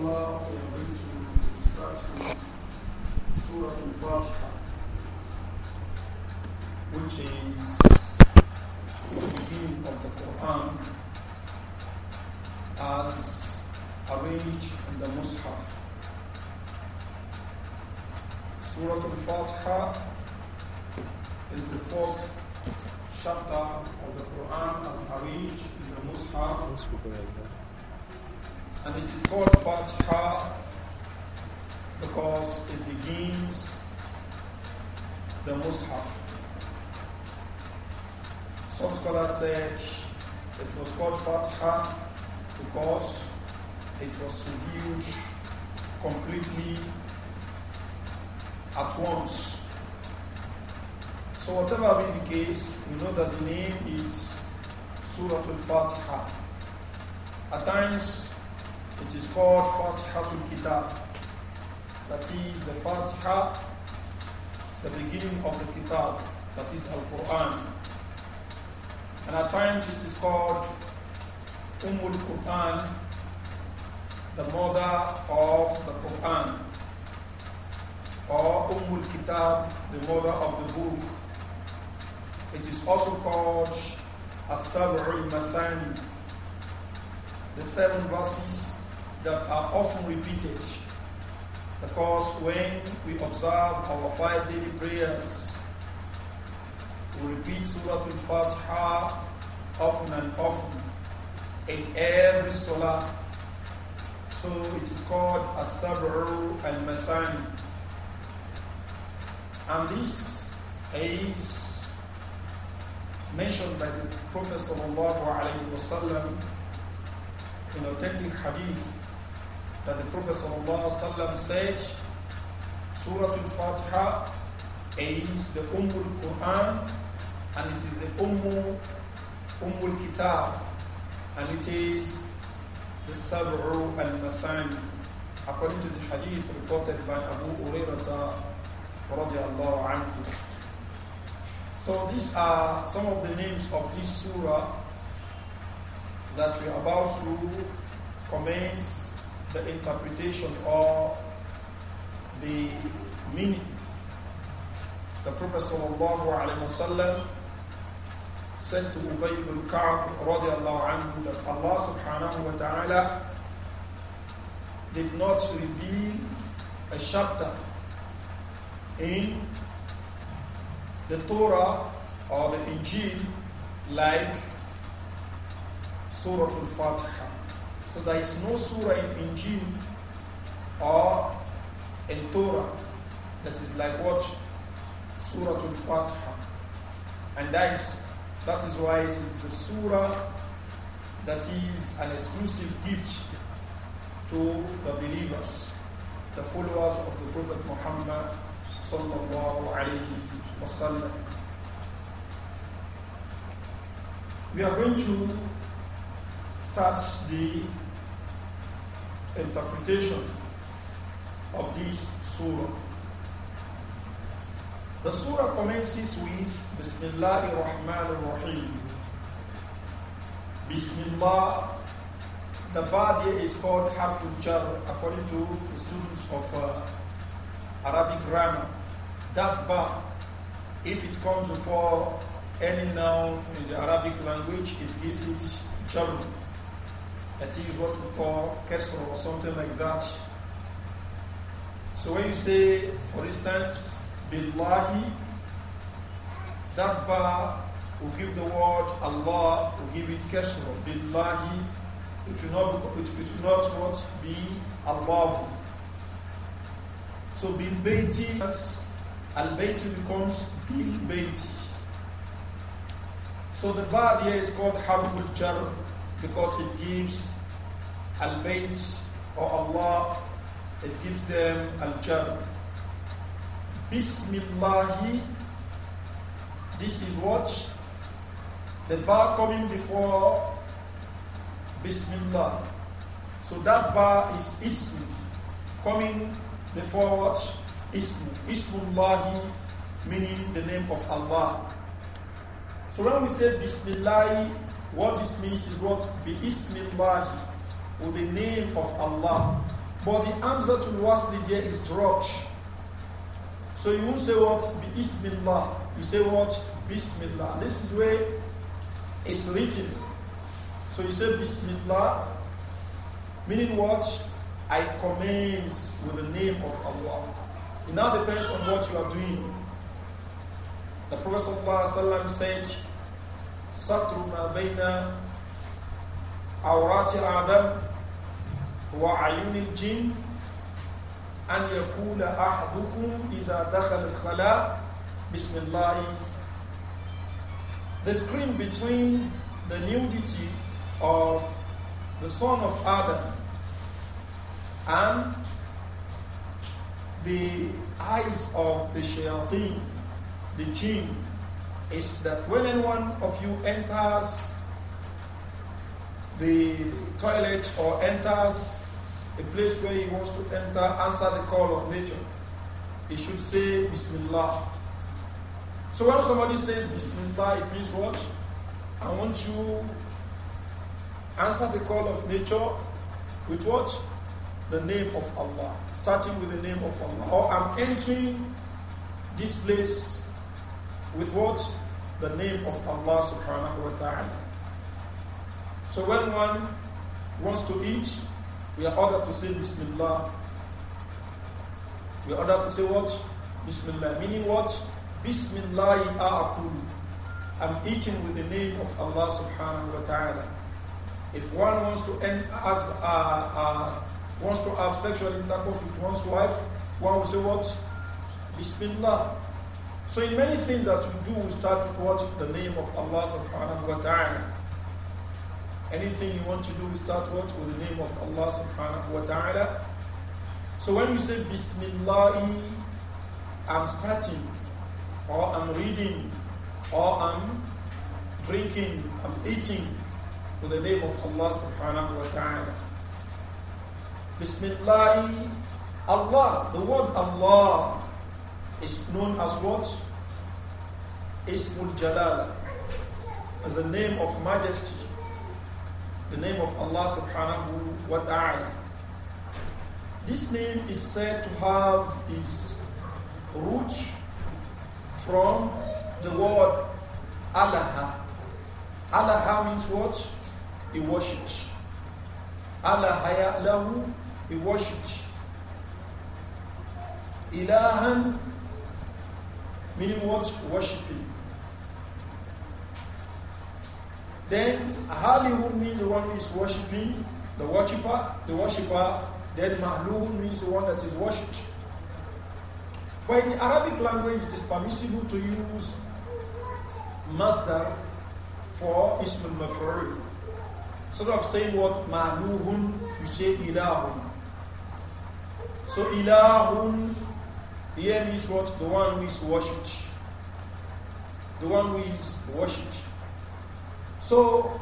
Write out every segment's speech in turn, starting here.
Allah, we are going to start Surah Al-Fatiha, which is the beginning of the Quran as arranged in the Mus'haf. Surah Al-Fatiha is the first chapter of the Quran as arranged in the Mus'haf. And it is called Fatiha because it begins the Musaf. Some scholars said it was called Fatiha because it was revealed completely at once. So, whatever be the case, we know that the name is Surah Al Fatiha. At times, it is called Fatihatul Kitab. That is the Fatiha, the beginning of the Kitab, that is Al Quran. And at times it is called umul Quran, the mother of the Quran. Or umul Kitab, the mother of the book. It is also called As-Sab'ul Masani, the seven verses that are often repeated. Because when we observe our five daily prayers, we repeat Surah Al-Fatiha often and often in every Salah. So it is called as sabr Al-Mathani. And this is mentioned by the Prophet Sallallahu Alaihi Wasallam in authentic hadith that the Prophet ﷺ said, Surah Al-Fatiha is the Ummul Quran and it is the Ummul, Ummul Kitab and it is the Sab'u Al-Masani according to the hadith reported by Abu Urairata radiallahu So these are some of the names of this surah that we are about to commence the interpretation or the meaning. The Prophet ﷺ said to Ubay ibn Ka'b anhu that Allah subhanahu wa ta'ala did not reveal a chapter in the Torah or the Injil like Surah Al-Fatiha. So there is no surah in Injil or in Torah that is like what? Surah Al-Fatiha. And that is, that is why it is the surah that is an exclusive gift to the believers, the followers of the Prophet Muhammad sallallahu alayhi wasallam. We are going to starts the interpretation of this surah. The surah commences with Bismillah rahman rahim Bismillah. The body is called Harful Jar according to the students of uh, Arabic grammar. That ba, if it comes before any noun in the Arabic language, it gives it Jar. That is what we call kesra or something like that. So when you say, for instance, billahi, that bar will give the word Allah, will give it kesra. Billahi, it will not, be, it, it will not what, be Allah. So bil baiti, al baiti becomes bil baiti. So the bar here is called harful jar because it gives al bayt or Allah, it gives them al Jab. Bismillahi, this is what? The bar coming before Bismillah. So that bar is ism, coming before what? Ism. Ismullahi, meaning the name of Allah. So when we say Bismillah, what this means is what? Bismillah, Ismillah, with the name of Allah. But the Hamzatul Wasli there is dropped. So you won't say what? Bismillah. You say what? Bismillah. This is where it's written. So you say Bismillah, meaning what? I commence with the name of Allah. It now depends on what you are doing. The Prophet said, ستر ما بين عورات آدم وعيون الجن أن يقول أحدكم إذا دخل الخلاء بسم الله The screen between the nudity of the son of Adam and the eyes of the shayateen, the jinn, is that when anyone of you enters the toilet or enters a place where he wants to enter, answer the call of nature, he should say Bismillah. So when somebody says Bismillah, it means what? I want you answer the call of nature with what? The name of Allah. Starting with the name of Allah. Or I'm entering this place with what? The name of Allah subhanahu wa ta'ala. So when one wants to eat, we are ordered to say Bismillah. We are ordered to say what? Bismillah. Meaning what? Bismillah a'akul. I'm eating with the name of Allah subhanahu wa ta'ala. If one wants to end, uh, uh, wants to have sexual intercourse with one's wife, one will say what? Bismillah. So in many things that we do, we start with what? The name of Allah subhanahu wa ta'ala. Anything you want to do, we start what? With the name of Allah subhanahu wa ta'ala. So when we say Bismillah, I'm starting, or I'm reading, or I'm drinking, I'm eating with the name of Allah subhanahu wa ta'ala. Bismillah, Allah, the word Allah is known as what? Ismul Jalala, as the name of majesty, the name of Allah subhanahu wa ta'ala. This name is said to have its root from the word Allah. Allah means what? He worships. Allah ya'lahu, he worships. Ilahan meaning what? Worshipping. Then halihun means the one who is worshipping, the worshipper, the worshipper, then mahluhun means the one that is worshipped. By the Arabic language, it is permissible to use masdar for Ismail maf'ul. Instead of saying what mahluhun, you say ilahun. So ilahun here means what? The one who is worshipped. The one who is worshipped. So,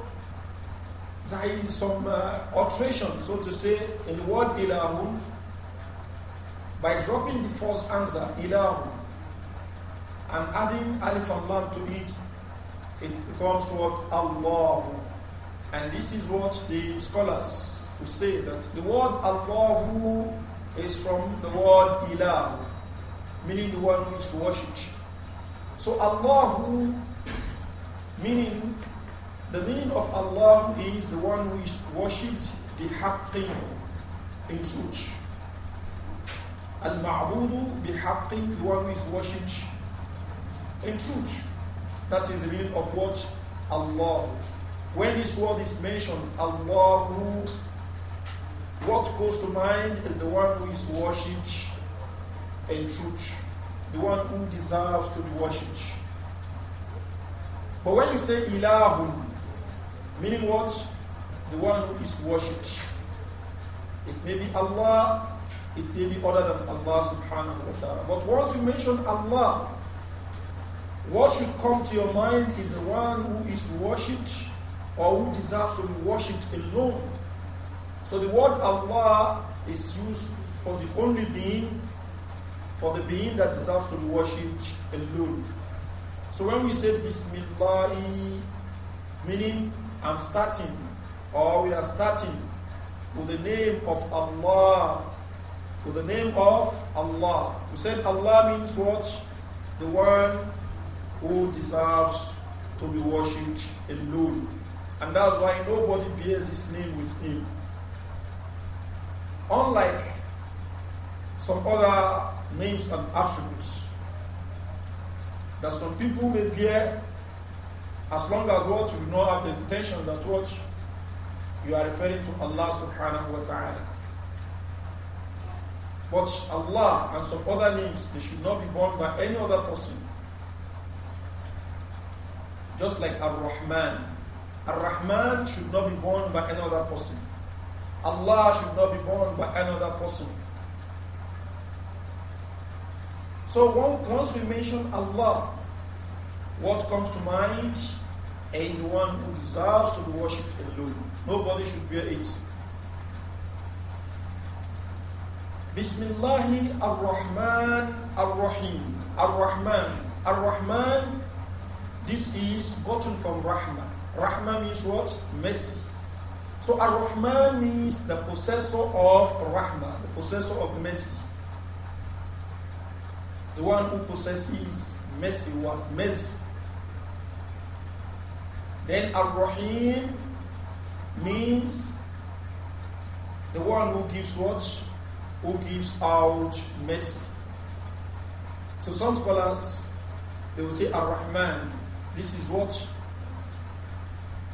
there is some uh, alteration, so to say, in the word ilahu. by dropping the first answer, ilahu and adding alif and lam to it, it becomes what? Allah. And this is what the scholars who say that the word Allahu is from the word ilah meaning the one who is worshipped. So who meaning, the meaning of Allah is the one who is worshipped, the haqqi, in truth. Al-ma'budu bihaqqi, the one who is worshipped in truth. That is the meaning of what? Allah. When this word is mentioned, Allah, what goes to mind is the one who is worshipped and truth, the one who deserves to be worshipped. But when you say ilāhu, meaning what? The one who is worshipped. It may be Allah, it may be other than Allah subhanahu wa ta'ala. But once you mention Allah, what should come to your mind is the one who is worshipped or who deserves to be worshipped alone. So the word Allah is used for the only being for the being that deserves to be worshipped alone. So when we say Bismillah, meaning I'm starting, or we are starting with the name of Allah, with the name of Allah. We said Allah means what? The one who deserves to be worshipped alone. And that's why nobody bears his name with him. Unlike some other names and attributes that some people may bear as long as what you do not have the intention that what you are referring to Allah subhanahu wa ta'ala. But Allah and some other names, they should not be borne by any other person. Just like Ar-Rahman. Ar-Rahman should not be borne by another person. Allah should not be borne by another person. So once we mention Allah, what comes to mind is one who deserves to be worshipped alone. Nobody should bear it. Bismillahi ar-Rahman ar-Rahim. Ar-Rahman. Ar-Rahman, this is gotten from Rahma. Rahma means what? Mercy. So Ar-Rahman means the possessor of Rahma, the possessor of mercy the one who possesses mercy was mercy. Then Ar-Rahim means the one who gives what? Who gives out mercy. So some scholars, they will say Ar-Rahman, this is what?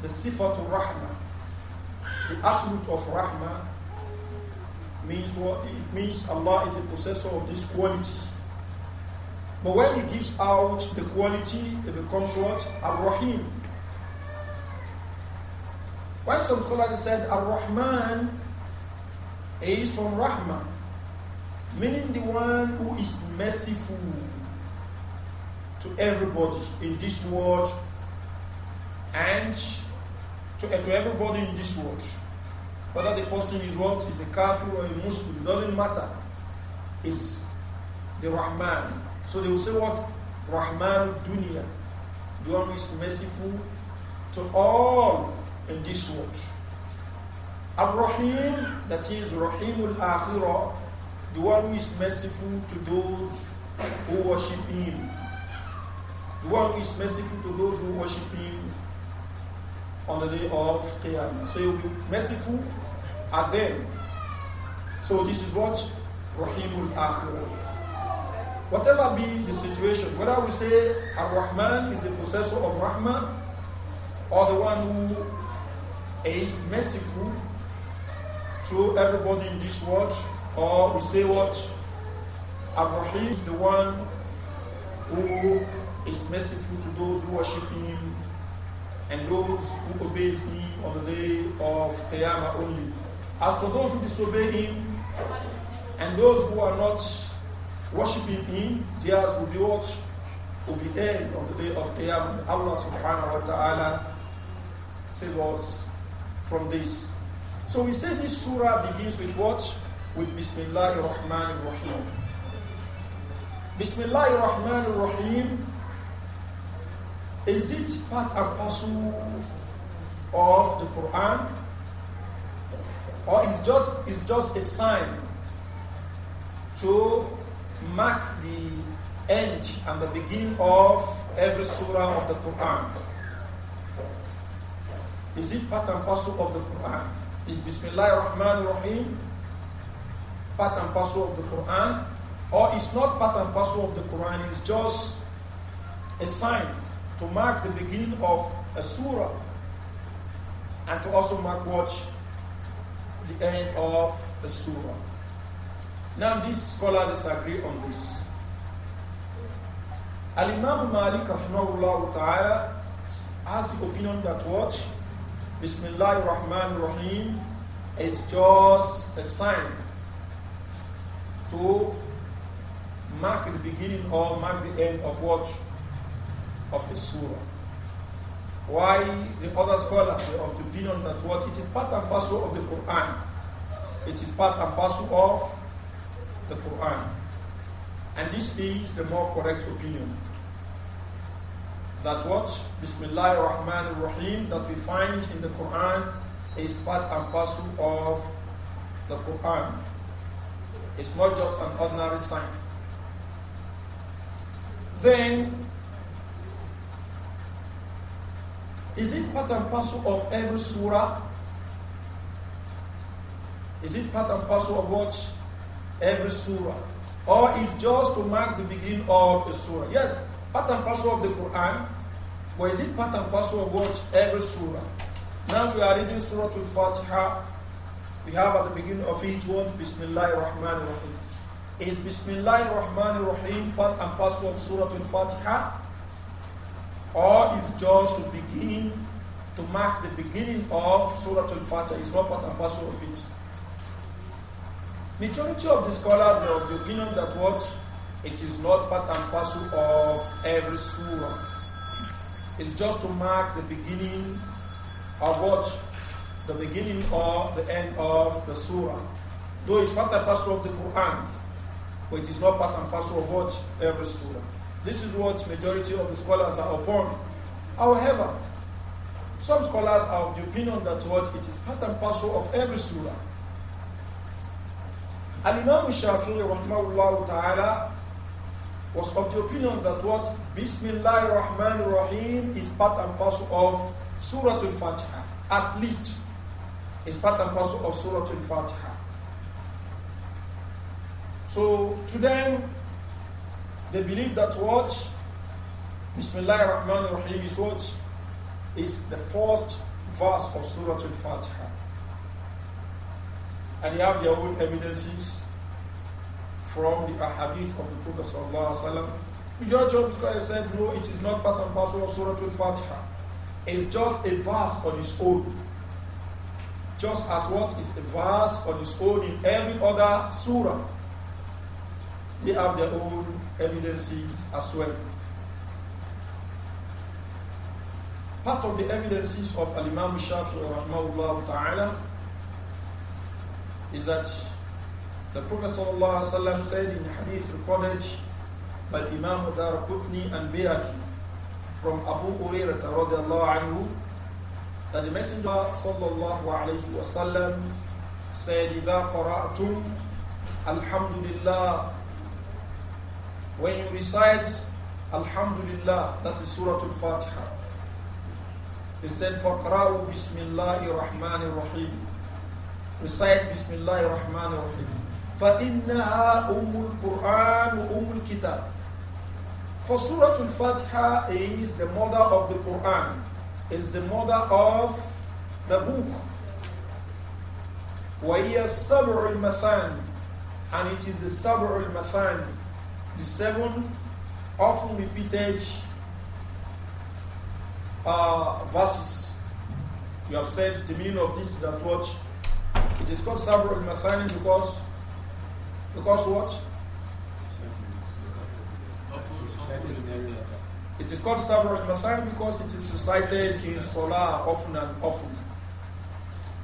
The Sifatul Rahma, the attribute of Rahma means what? It means Allah is a possessor of this quality. But when he gives out the quality, it becomes what? Ar-Rahim. Why some scholars said Ar-Rahman is from Rahma, meaning the one who is merciful to everybody in this world and to, to everybody in this world. Whether the person is what is a kafir or a Muslim, doesn't matter. Is the Rahman. So they will say what? Rahman Dunya. The one who is merciful to all in this world. Abrahim, that is Rahimul Akhirah, the one who is merciful to those who worship him. The one who is merciful to those who worship him on the day of Qiyamah. So he will be merciful at them. So this is what Rahimul Akhirah. Whatever be the situation, whether we say Ar-Rahman is the possessor of Rahman, or the one who is merciful to everybody in this world, or we say what? Abraham is the one who is merciful to those who worship him and those who obey him on the day of Qiyamah only. As for those who disobey him and those who are not Worshipping him, theirs will be what? Will be end on the day of Qiyamah. Allah subhanahu wa ta'ala save us from this. So we say this surah begins with what? With Bismillah ar-Rahman ar-Rahim. Bismillah ar-Rahman ar-Rahim. Is it part and parcel of the Quran? Or is just, is just a sign to mark the end and the beginning of every surah of the Quran? Is it part and parcel of the Quran? Is Bismillah ar-Rahman ar-Rahim part and parcel of the Quran? Or it's not part and parcel of the Quran, it's just a sign to mark the beginning of a surah and to also mark what? The end of a surah. Now, these scholars disagree on this. Al Imam Malik rahmahullah ta'ala has the opinion that what? Bismillah Rahman Rahim is just a sign to mark the beginning or mark the end of what? Of the surah. Why the other scholars are of the opinion that what? It is part and parcel of the Quran. It is part and parcel of the Quran. And this is the more correct opinion. That what Bismillah ar-Rahman ar-Rahim that we find in the Quran is part and parcel of the Quran. It's not just an ordinary sign. Then, is it part and parcel of every surah? Is it part and parcel of what? every surah. Or if just to mark the beginning of a surah. Yes, part and parcel of the Quran, but is it part and parcel of what? Every surah. Now we are reading Surah Al-Fatiha. We have at the beginning of each one Bismillahir Rahmanir Rahim. Is Bismillahir Rahmanir Rahim part and parcel of Surah Al-Fatiha? Or is just to begin, to mark the beginning of Surah Al-Fatiha? Is not part and parcel of it. Majority of the scholars are of the opinion that what it is not part and parcel of every surah. It's just to mark the beginning of what? The beginning or the end of the surah. Though it's part and parcel of the Quran, but it is not part and parcel of what? Every surah. This is what majority of the scholars are upon. However, some scholars are of the opinion that what? It is part and parcel of every surah. And Imam Shafi'i rahmahullah ta'ala was of the opinion that what Bismillah Rahman Rahim is part and parcel of Surah Al-Fatiha. At least is part and parcel of Surah Al-Fatiha. So to them, they believe that what Bismillah Rahman Rahim is what is the first verse of Surah Al-Fatiha and they have their own evidences from the ahadith of the Prophet sallallahu Majority of scholars said, no, it is not part and parcel of Surah Al-Fatiha. It's just a verse on its own. Just as what is a verse on its own in every other surah. They have their own evidences as well. Part of the evidences of Al-Imam Shafi'i rahmahullah ta'ala is that the Prophet ﷺ said in hadith recorded by Imam Darqutni and Bayaki from Abu Urairah anhu that the Messenger sallallahu alayhi wasallam said إذا قرأتم Alhamdulillah when you recite Alhamdulillah that is Surah Al-Fatiha he said فَقْرَأُوا بِسْمِ اللَّهِ الرَّحْمَنِ الرَّحِيمِ recite Bismillah ar-Rahman ar-Rahim. فَإِنَّهَا أُمُّ الْقُرْآنُ umul Kitab. For Surah Al-Fatiha is the mother of the Quran, is the mother of the book. وَهِيَ السَّبْعُ الْمَثَانِ And it is the Sabr al-Mathani, the seven often repeated uh, verses. You have said the meaning of this is that what is called Sabr al-Mathani because, because what? It is called Sabr al-Mathani because it is recited in Salah often and often.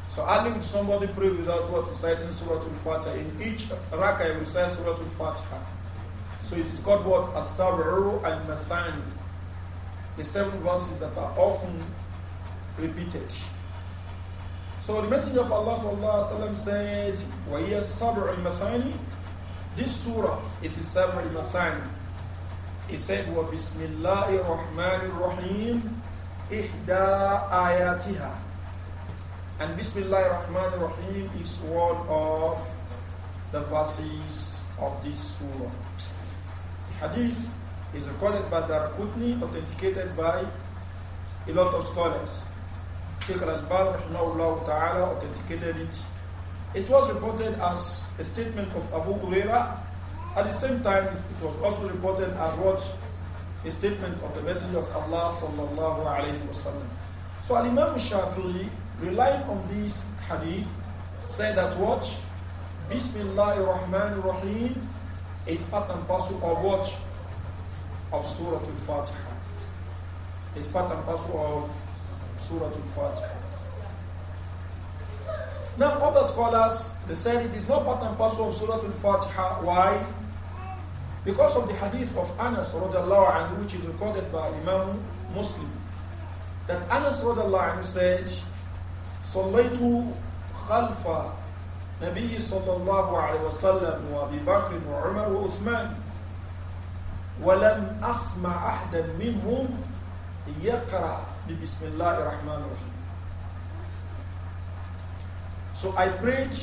So how somebody pray without what reciting Surah Al-Fatiha? In each rakah, you Surah Al-Fatiha. So it is called what? a sabr al-Mathani. The seven verses that are often repeated. So the Messenger of Allah وسلم, said, This surah, it is Sabr al-Mathani. He said, وَبِسْمِ اللَّهِ الرَّحْمَنِ rahim ihda آيَاتِهَا And Bismillah ar-Rahman ar-Rahim is one of the verses of this surah. The hadith is recorded by Darakutni, authenticated by a lot of scholars. Sheikh ta'ala authenticated it. It was reported as a statement of Abu Huraira. At the same time, it was also reported as what? A statement of the Messenger of Allah sallallahu alayhi wasallam. So Al-Imam Shafi'i relied on this hadith, said that what? Bismillahir Rahmanir Rahim is part and parcel of what? Of Surah Al-Fatiha. is part and parcel of Surah Al-Fatiha. Now, other scholars, they said it is not part and parcel of Surah Al-Fatiha. Why? Because of the hadith of Anas radiallahu anhu, which is recorded by Imam Muslim, that Anas radiallahu anhu said, صليت خلف نبي صلى الله عليه وسلم وابي بكر وعمر وعثمان ولم أسمع أحدا منهم yaqra bi bismillahir rahmanir rahim. So I prayed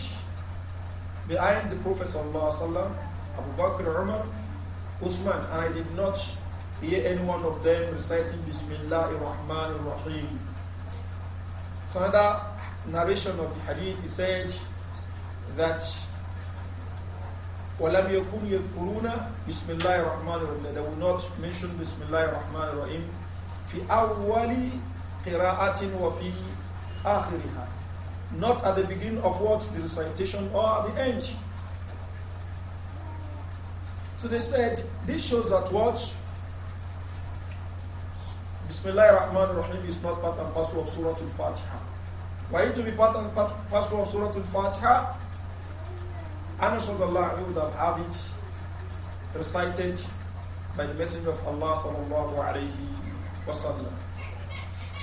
behind the Prophet sallallahu Abu Bakr, Umar, Uthman, and I did not hear any one of them reciting Bismillahir Rahmanir Rahim. So in another narration of the hadith, he said that وَلَمْ يَكُنْ يَذْكُرُونَ بِسْمِ اللَّهِ الرَّحْمَنِ الرَّحِيمِ They will not mention اللَّهِ الرَّحْمَنِ الرَّحِيمِ. في أول قراءة wafi آخرها not at the beginning of what the recitation or at the end so they said this shows that what Bismillah rahim is not part and parcel of Surah Al-Fatiha. Why it to be part and parcel of Surah Al-Fatiha? Anas radiallahu would have had it recited by the Messenger of Allah sallallahu alaihi.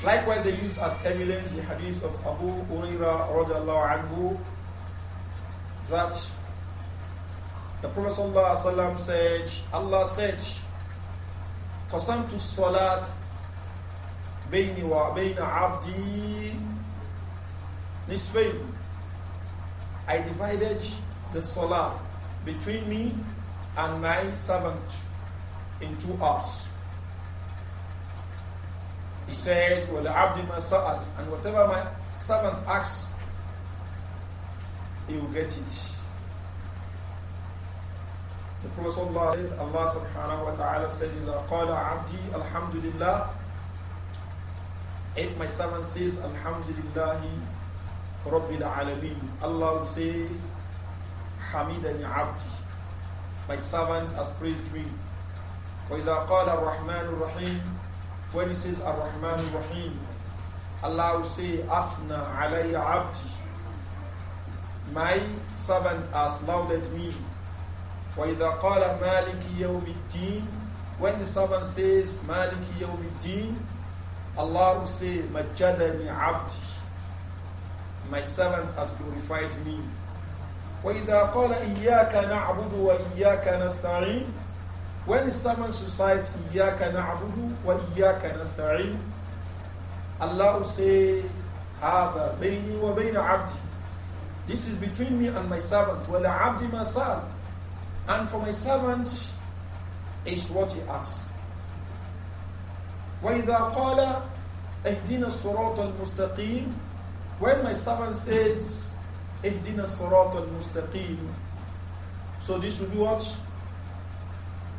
Likewise, they used as evidence the hadith of Abu Uraira anhu that the Prophet ﷺ said, Allah said, قَسَمْتُ الصَّلَاةِ بَيْنِ وَبَيْنَ عَبْدِي نِصْفَيْنِ I divided the salah between me and my servant in two halves. He said, Well, Abdi Sa'al, and whatever my servant asks, he will get it. The Prophet said, Allah subhanahu wa ta'ala said, إِذَا قَالَ عَبْدِي الْحَمْدُ لِلَّهِ If my servant says, Alhamdulillahi Rabbil Alameen, Allah will say, حَمِدَنِ عَبْدِي My servant has praised me. وَإِذَا قَالَ الرَّحْمَنُ الرَّحِيمُ when he says Ar-Rahman Rahim, Allah will say Afna alayya abdi. My servant has lauded me. وَإِذَا قَالَ مَالِكِ يَوْمِ الدِّينِ When the servant says مَالِكِ يَوْمِ الدِّينِ Allah will say مَجَّدَنِ عَبْدِي My servant has glorified me. وَإِذَا قَالَ إِيَّاكَ نَعْبُدُ وَإِيَّاكَ نَسْتَعِينُ when the servant recites Iyaka na'budu wa Iyaka nasta'in, Allah will say, Hada bayni wa bayna abdi. This is between me and my servant. Wala abdi masal. And for my servant is what he asks. وإذا قال اهدنا الصراط المستقيم when my servant says اهدنا al-mustaqim," so this will be what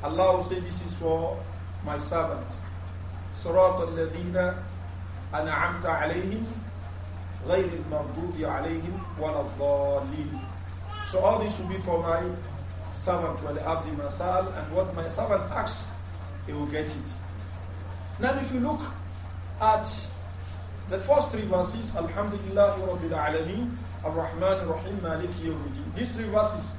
Allah will say, This is for my servant. صراط الذين أنعمت عليهم غير المغضوب عليهم ولا الضالين So all this will be for my servant Abdi Masal. and what my servant asks he will get it. Now if you look at the first three verses Alhamdulillah Rabbil Alameen Ar-Rahman Ar-Rahim Malik Yawmiddin These three verses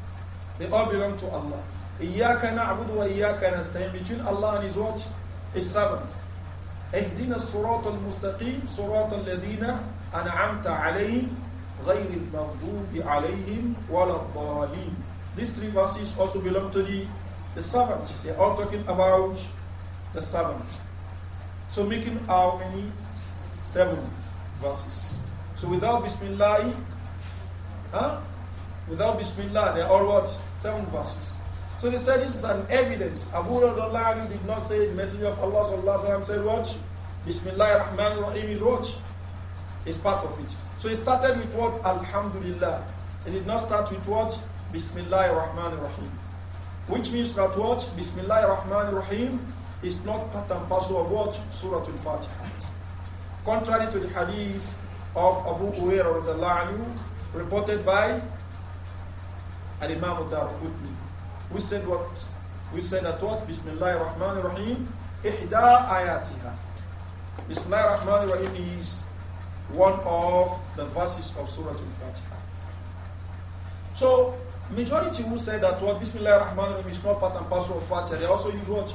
they all belong to Allah. إِيَّاكَ نَعْبُدُ وَإِيَّاكَ نَسْتَعِينَ Between Allah and His watch, His servant. mustaqim الصراط المستقيم صراط alayhim أنعمت عليهم غير المغضوب عليهم ولا الضالين These three verses also belong to the, the servant. They are talking about the servant. So making how many? Seven verses. So without Bismillah, huh? without Bismillah, they are all what? Seven verses. So they said this is an evidence. Abu Hurairah did not say the Messenger of Allah وسلم, said what? Bismillah ar-Rahman rahim is what? Is part of it. So he started with what? Alhamdulillah. It did not start with what? Bismillah ar-Rahman rahim Which means that what? Bismillah ar-Rahman rahim is not part and parcel of what? Surah Al-Fatiha. Contrary to the hadith of Abu Uwaira reported by Al-Imam al-Darqutni. We said what? We said that what? Bismillahir Rahmanir Rahim. Ihda ayatiha. Bismillahir Rahmanir Rahim is one of the verses of Surah Al-Fatiha. So, majority who say that what Bismillahir Rahmanir Rahim is not part and parcel of Fatiha, they also use what?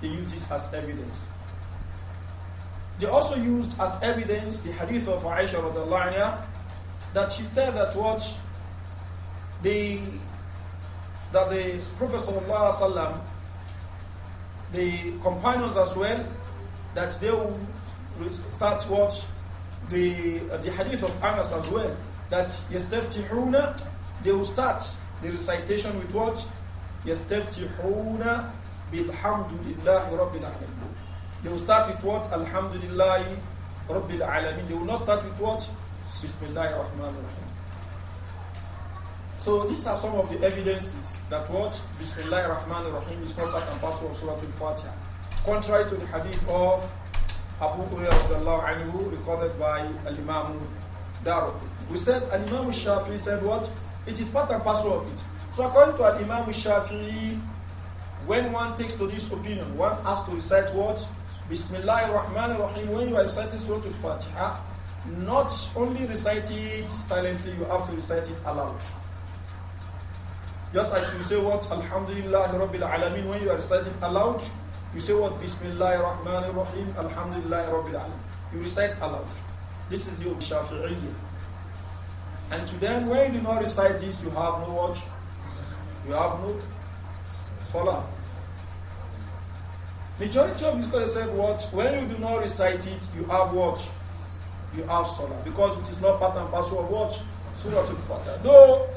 They use this as evidence. They also used as evidence the hadith of Aisha anha, that she said that what the that the Prophet ﷺ, the companions as well, that they will start watch the uh, the hadith of Anas as well that yastaftihuna they will start the recitation with what yastaftihuna bilhamdulillahi rabbil alamin they will start with what alhamdulillahi rabbil alamin they will not start with what bismillahir rahmanir rahim so these are some of the evidences that what Bismillah ar-Rahman ar-Rahim is not part and parcel of Surah Al-Fatiha. Contrary to the hadith of Abu Hurairah anhu recorded by Al-Imam Daru. We said Al-Imam Shafi'i said what? It is part and parcel of it. So according to Al-Imam Shafi'i, when one takes to this opinion, one has to recite what? Bismillah ar-Rahman ar-Rahim. When you are reciting Surah Al-Fatiha, not only recite it silently, you have to recite it aloud. Just as you say what Alhamdulillah Rabbil Alameen when you are reciting aloud, you say what Bismillah Rahman Rahim Alhamdulillah Rabbil Alameen. You recite aloud. This is your Shafi'iyya. And to them, when you do not recite this, you have no watch, you have no follow. Majority of you scholars said what? When you do not recite it, you have what? You have salah. Because it is not part and parcel of what? Surah al-Fatiha. Though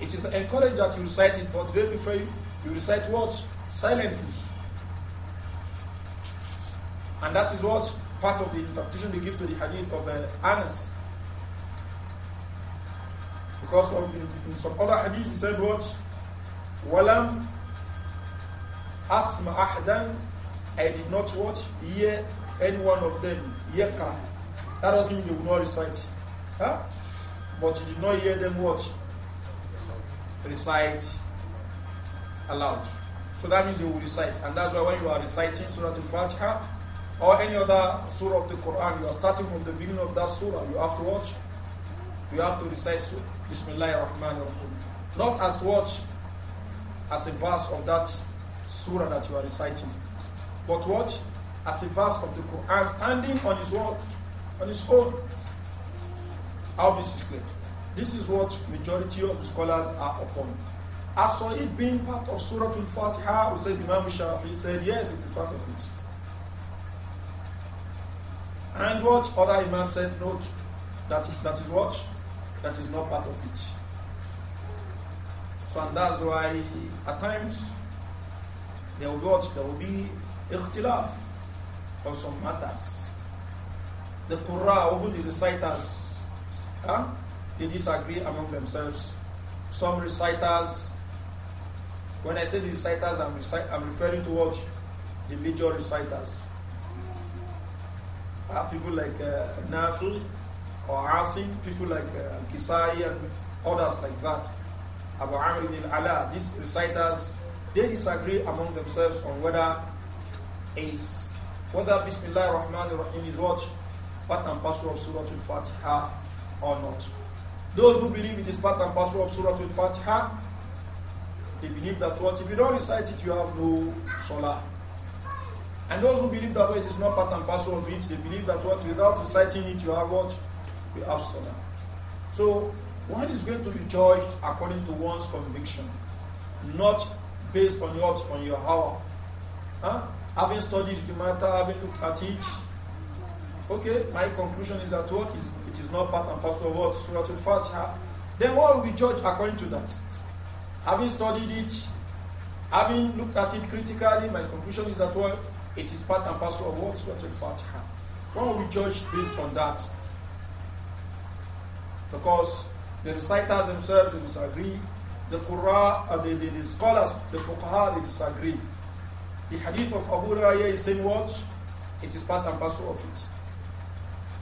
it is encouraged that you recite it, but today before you, recite what? Silently. And that is what part of the interpretation they give to the hadith of uh, Anas. Because of in, in some other hadith he said what? Walam asma ahdan. I did not what? Hear any one of them. Yeka. That doesn't mean they will not recite. Huh? But you did not hear them what? recite aloud. So that means you will recite. And that's why when you are reciting Surah Al-Fatiha or any other surah of the Quran, you are starting from the beginning of that surah. You have to watch. You have to recite surah. Bismillah rahman rahim Not as what? As a verse of that surah that you are reciting. But what? As a verse of the Quran standing on his own. On his own. I hope this is clear. This is what majority of scholars are upon. As for it being part of Surah Al-Fatiha, said Imam Shafi said, yes, it is part of it. And what other Imam said, "No, that, that is what? That is not part of it. So and that's why at times there will be what? There will be ikhtilaf on some matters. The Qur'an, who the reciters, huh? they disagree among themselves. Some reciters, when I say the reciters, I'm, reci I'm referring to what? The major reciters. are uh, people like uh, Nafi or Asim, people like uh, Kisai and others like that. Abu Amr ibn Ala, these reciters, they disagree among themselves on whether is whether Bismillah ar-Rahman ar-Rahim is what part and parcel of Surah Al-Fatiha or not. Those who believe it is part and parcel of Surah Al-Fatiha, they believe that what if you don't recite it, you have no salah. And those who believe that what, it is not part and parcel of it, they believe that what without reciting it, you have what? You have salah. So one is going to be judged according to one's conviction, not based on your on your hour. Huh? Having studied the matter, having looked at it, okay, my conclusion is that what is it is not part and parcel of what Surah Al-Fatiha, then what will be judged according to that? Having studied it, having looked at it critically, my conclusion is that what it is part and parcel of what Surah Al-Fatiha. What will be judged based on that. Because the reciters themselves they disagree, the Qur'an, uh, the, the, the, scholars, the fuqaha, they disagree. The hadith of Abu Raya is saying what? It is part and parcel of it.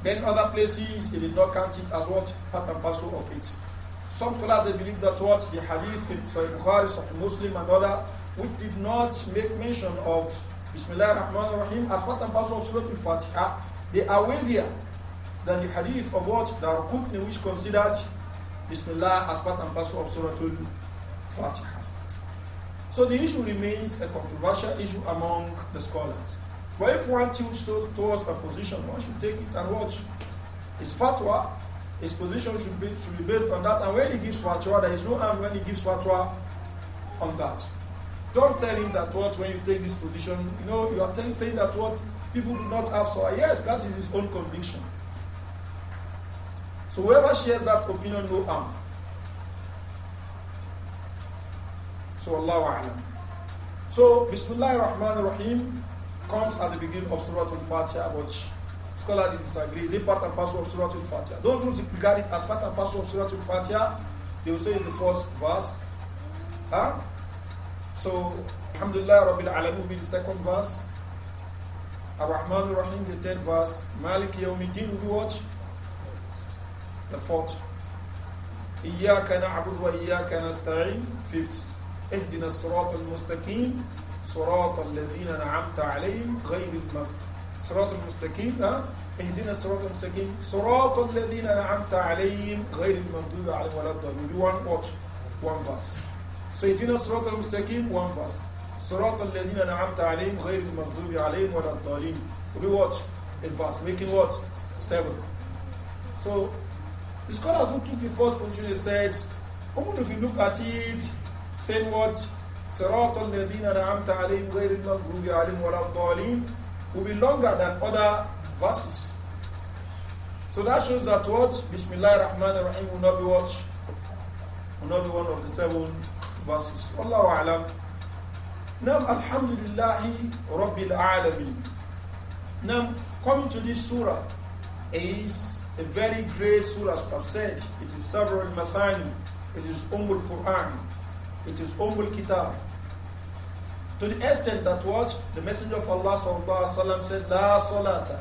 Then other places, he did not count it as what part and parcel of it. Some scholars they believe that what the hadith in Sahih Bukhari, Sahih Muslim, and other, which did not make mention of Bismillah ar-Rahman ar-Rahim as part and parcel of Surah Al-Fatiha, they are weightier than the hadith of what the Rukutni, which considered Bismillah as part and parcel of Surah Al-Fatiha. So the issue remains a controversial issue among the scholars. But if one tilts towards a position, one should take it and watch. His fatwa, his position should be, should be based on that. And when he gives fatwa, there is no harm when he gives fatwa on that. Don't tell him that what when you take this position, you know, you are telling, saying that what people do not have So, yes, that is his own conviction. So whoever shares that opinion, no harm. So Allah A'lam. So Bismillah ar-Rahman ar-Rahim comes at the beginning of Surah Al-Fatiha, but scholars disagree. Is it part and parcel of Surah Al-Fatiha? Those who regard it as part and parcel of Surah Al-Fatiha, they will say it's the first verse. Huh? So, Alhamdulillah Rabbil Alamin will be the second verse. Ar-Rahman Rahim, the third verse. Malik Yawmiddin will be what? The fourth. إياك نعبد وإياك نستعين fifth اهدنا الصراط المستقيم صراط الذين نعمت عليهم غير المغضوب صراط المستقيم اهدنا الصراط المستقيم صراط الذين نعمت عليهم غير المغضوب عليهم ولا الضالين وان watch one verse so اهدنا الصراط المستقيم وان فاس صراط الذين نعمت عليهم غير المغضوب عليهم ولا الضالين وبي واتش ان فاس ميكين واتش سيفن سو the scholars who took the first position they said even if you look at it saying what صراط الذين أنعمت عليهم غير المغضوب عليهم ولا الضالين will be longer than other verses. So that shows that what Bismillah Rahman Rahim will not be what will not be one of the seven verses. Wallahu alam. Now Alhamdulillahi Rabbil Alamin. Now coming to this surah is a very great surah as I've said. It is several Mathani. It is Ummul Quran. It is Ummul Kitab. To the extent that what the Messenger of Allah وسلم, said, La salata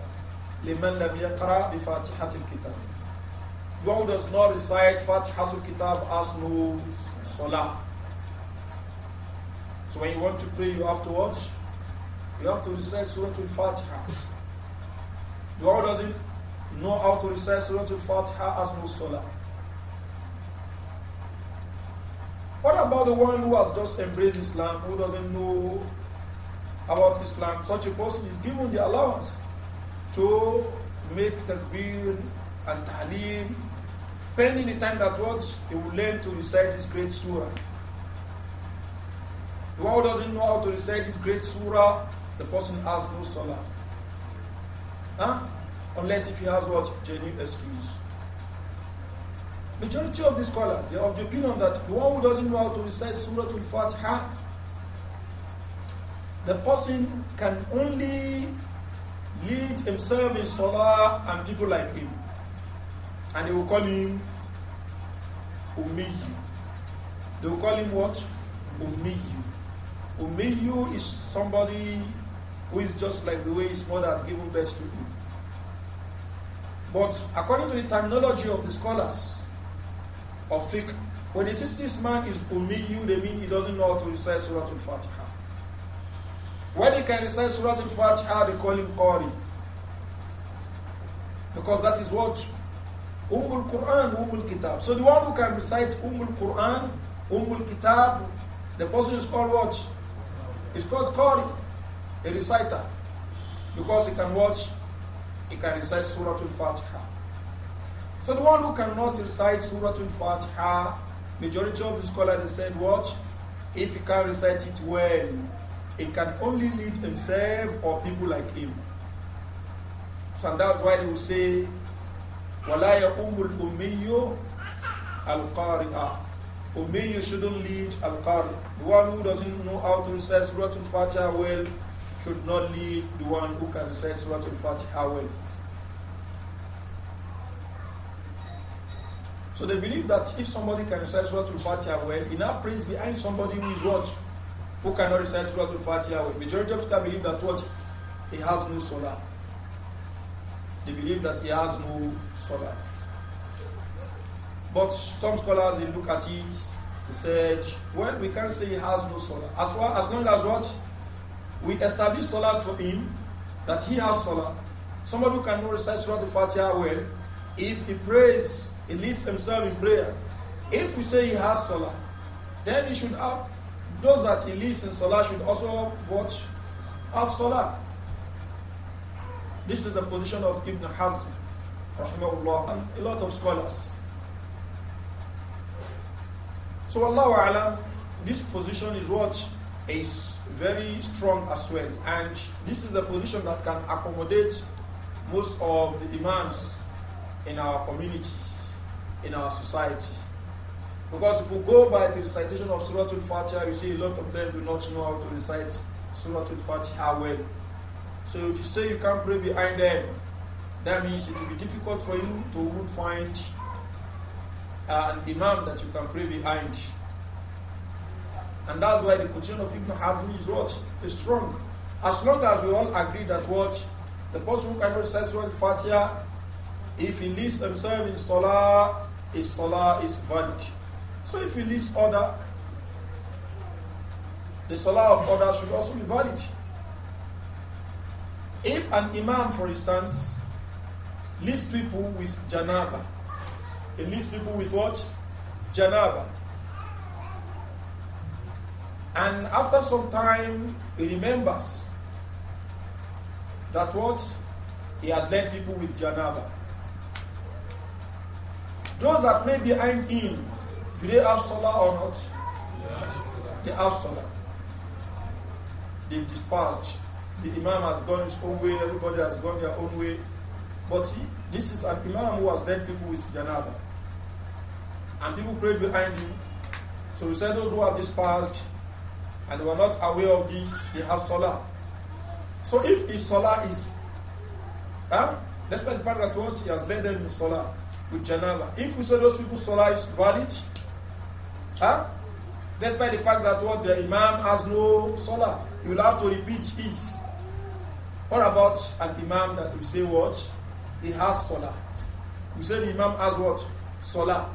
liman lam yaqra bi fatihatil kitab. One does not recite fatihatul kitab as no salah. So when you want to pray, you have to watch. You have to recite Surah Al-Fatiha. The one doesn't know how to recite Surah Al-Fatiha as no salah. What about the one who has just embraced Islam, who doesn't know about Islam? Such a person is given the allowance to make takbir and talib, pending the time that works, he will learn to recite this great surah. The one who doesn't know how to recite this great surah, the person has no salah. Huh? Unless if he has what? Genuine excuse. Majority of the scholars are of the opinion that the one who doesn't know how to recite Surah Al-Fatiha, the person can only lead himself in Salah and people like him. And they will call him Umiyu. They will call him what? Umiyu. Umiyu is somebody who is just like the way his mother has given birth to him. But according to the terminology of the scholars, or fiqh. When they say this man is ummiyu, they mean he doesn't know how to recite Surah Al-Fatiha. When he can recite Surah Al-Fatiha, they call him Qari. Because that is what Ummul Quran, Ummul Kitab. So the one who can recite Ummul Quran, Ummul Kitab, the person is called what? It's called Qari, a reciter. Because he can watch, he can recite Surah Al-Fatiha. So the one who cannot recite Surah Al-Fatiha, majority of the scholars have said, what? If he can recite it well, he can only lead himself or people like him. So that's why they will say, وَلَا يَقُمُ الْأُمِّيُّ الْقَارِئَةِ Ummiyu shouldn't lead Al-Qari. The one who doesn't know how to recite Surah Al-Fatiha well should not lead the one who can recite Surah Al-Fatiha well. So they believe that if somebody can recite Surah Al-Fatiha well, enough praise behind somebody who is what? Who cannot recite Surah Al-Fatiha well. Majority of scholars believe that what? He has no salah. They believe that he has no salah. But some scholars, they look at it, they said, well, we can't say he has no salah. As, far, as long as what? We establish salah for him, that he has salah. Somebody who cannot recite Surah Al-Fatiha well, if he prays he leads himself in prayer. If we say he has salah, then he should have those that he leads in salah should also have have salah. This is the position of Ibn Hazm, rahimahullah, and a lot of scholars. So Allah alam, this position is what is very strong as well, and this is a position that can accommodate most of the imams in our community in our society. Because if we go by the recitation of Surah Al-Fatiha, you see a lot of them do not know how to recite Surah Al-Fatiha well. So if you say you can't pray behind them, that means it will be difficult for you to find uh, an imam that you can pray behind. And that's why the position of Ibn Hazmi is what? Is strong. As long as we all agree that what? The person who cannot recite Surah Al-Fatiha, if he leads himself in Salah, his salah is valid. So if he leads other, the salah of others should also be valid. If an imam, for instance, leads people with janaba, he leads people with what? Janaba. And after some time, he remembers that what? He has led people with janaba. Those that pray behind him, do they have salah or not? They have solar. They've dispersed. The imam has gone his own way, everybody has gone their own way. But he, this is an imam who has led people with janaba. And people prayed behind him. So we said those who have dispersed and were not aware of this, they have salah. So if his salah is, huh? despite the fact that what he has led them in salah, with janaba. If we say those people salah is valid, huh? despite the fact that what the uh, imam has no salah, you will have to repeat his. What about an imam that you say what? He has salah. You say the imam has what? Salah.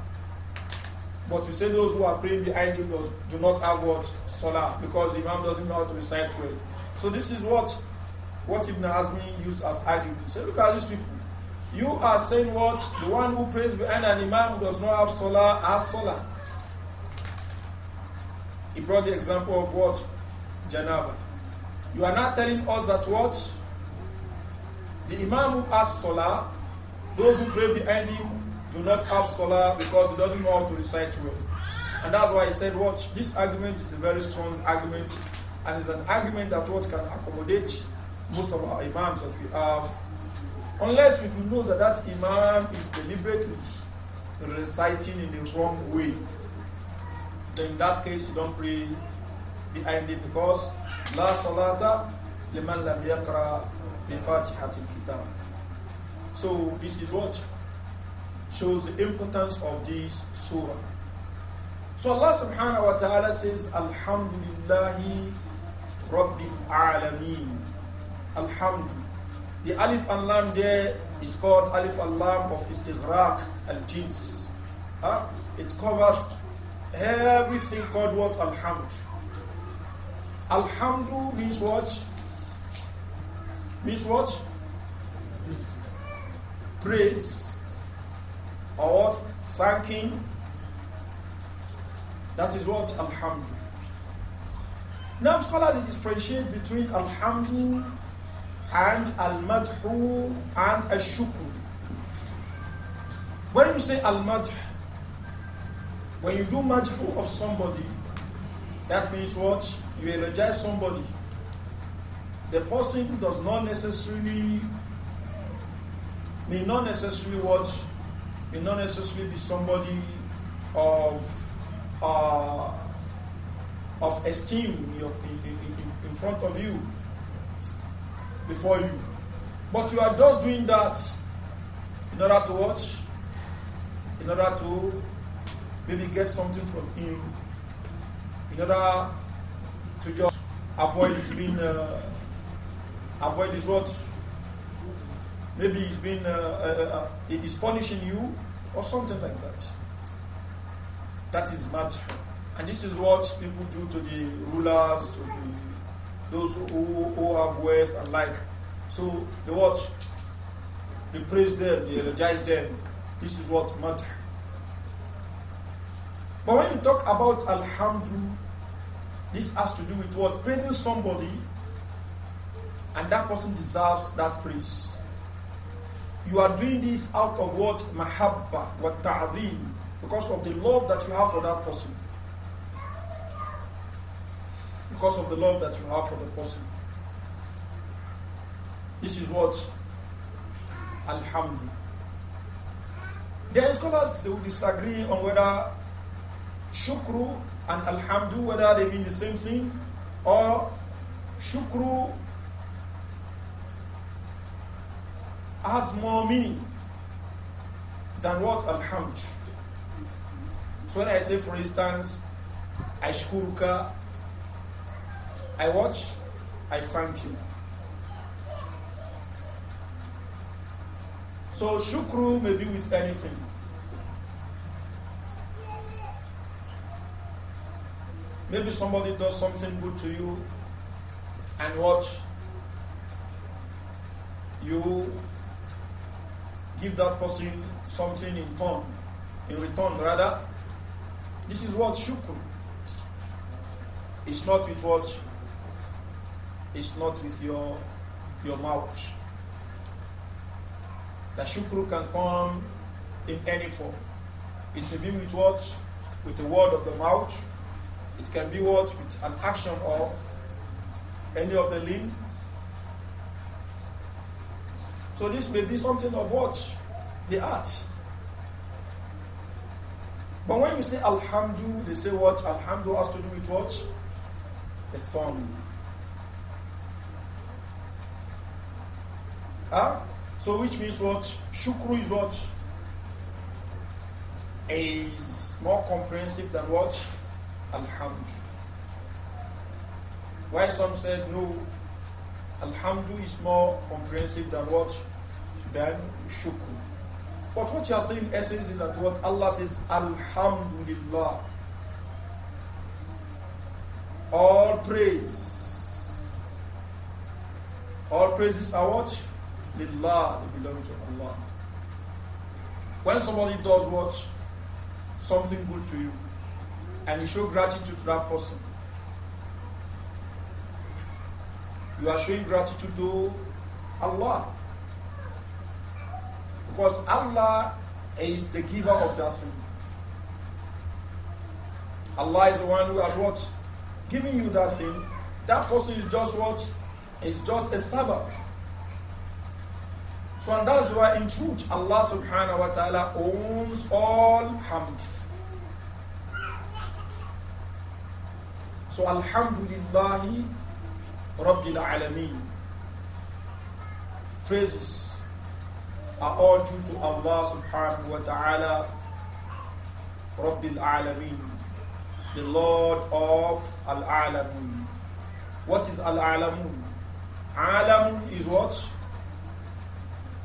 But you say those who are praying behind him does, do not have what? Salah. Because the imam doesn't know how to recite well. So this is what what Ibn Azmi used as argument. Say, look at these people. You are saying what? The one who prays behind an imam does not have salah, has salah. He brought the example of what? Janaba. You are not telling us that what? The imam who has salah, those who pray behind him do not have salah because he doesn't know how to recite well. And that's why I said what? This argument is a very strong argument and it's an argument that what can accommodate most of our imams that we have Unless if you know that that imam is deliberately reciting in the wrong way, then in that case you don't pray behind it because la salata liman lam yaqra bi fatihatil kitab. So this is what shows the importance of this surah. So Allah subhanahu wa ta'ala says, Alhamdulillahi Rabbil Alameen. Alhamdulillah. The alif and lam there is called alif and lam of istighraq and jins. Huh? It covers everything called what? Alhamd. Alhamdu means what? Means what? Praise. Or what? Thanking. That is what? Alhamdu. Now scholars differentiate between Alhamdu and al-madhu and al-shukr. When you say al-madh, when you do madhu of somebody, that means what? You eulogize somebody. The person does not necessarily, may not necessarily what? May not necessarily be somebody of, uh, of esteem in, in, in front of you before you. But you are just doing that in order to watch, in order to maybe get something from him, in order to just avoid his being, uh, avoid his what? Maybe he's been, uh, uh, uh, he's punishing you or something like that. That is bad, And this is what people do to the rulers, to the those who, who have wealth and like. So they watch, they praise them, they energize them. This is what matter. But when you talk about Alhamdulillah, this has to do with what? Praising somebody, and that person deserves that praise. You are doing this out of what? Mahabba, what ta'zim, because of the love that you have for that person because of the love that you have for the person. This is what Alhamdulillah. There scholars who disagree on whether Shukru and Alhamdu, whether they mean the same thing, or Shukru has more meaning than what Alhamd. So when I say, for instance, Ashkuruka I watch, I thank you. So shukru may be with anything. Maybe somebody does something good to you and watch. you give that person something in turn, in return rather. This is what shukru. It's not with what is not with your, your mouth. The shukru can come in any form. It can be with what? With the word of the mouth. It can be what? With an action of any of the limb. So this may be something of what? The art. But when you say Alhamdu, they say what? Alhamdu has to do with what? The thumb. Huh? So which means what? Shukru is what? Is more comprehensive than what? Alhamd. Why some said no, Alhamdu is more comprehensive than what? Than Shukru. But what you are saying essence is that what Allah says, Alhamdulillah. All praise. All praises are what? Lillah, they belong to Allah. When somebody does what? Something good to you, and you show gratitude to that person, you are showing gratitude to Allah. Because Allah is the giver of that thing. Allah is the one who has what? Giving you that thing. That person is just what? Is just a sabbath. So and that's why in truth Allah subhanahu wa ta'ala owns all hamd. So Alhamdulillahi Rabbil Alameen. Praises are all due to Allah subhanahu wa ta'ala Rabbil Alameen, the Lord of Al Alamun. What is Al Alamun? Alamun is what?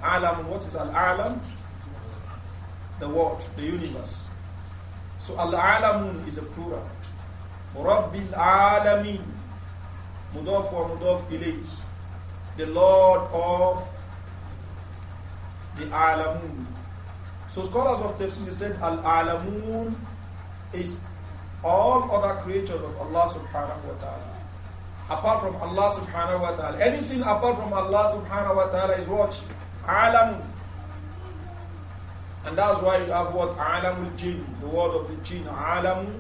Alam, what is Al Alam? The world, the universe. So Al Alamun is a plural. Rabbil Alamin. Mudaf wa Mudaf ilayh. The Lord of the Alamun. So scholars of Tafsir said Al Alamun is all other creatures of Allah subhanahu wa ta'ala. Apart from Allah subhanahu wa ta'ala. Anything apart from Allah subhanahu wa ta'ala is what? alamun. And that's why you have what? Alamul jinn, the word of the jinn. Alamun,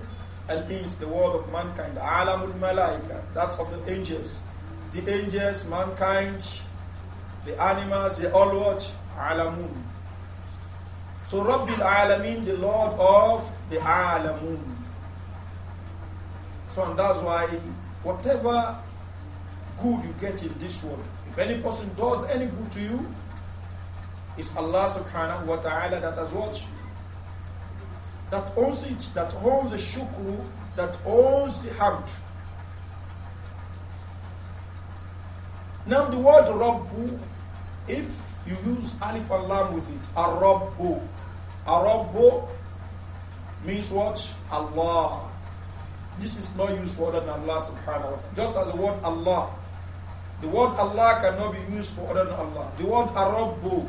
al-ins, the word of mankind. Alamul malaika, that of the angels. The angels, mankind, the animals, they all watch Alamun. So Rabbil Alamin, the Lord of the Alamun. So and that's why whatever good you get in this world, if any person does any good to you, it's Allah subhanahu wa ta'ala that has what? That owns it, that owns the shukru, that owns the hamd. Now the word Rabbu, if you use alif alam lam with it, Arabbu. Arabbu means what? Allah. This is not used for other than Allah subhanahu wa ta'ala. Just as the word Allah. The word Allah cannot be used for other than Allah. The word Arabbu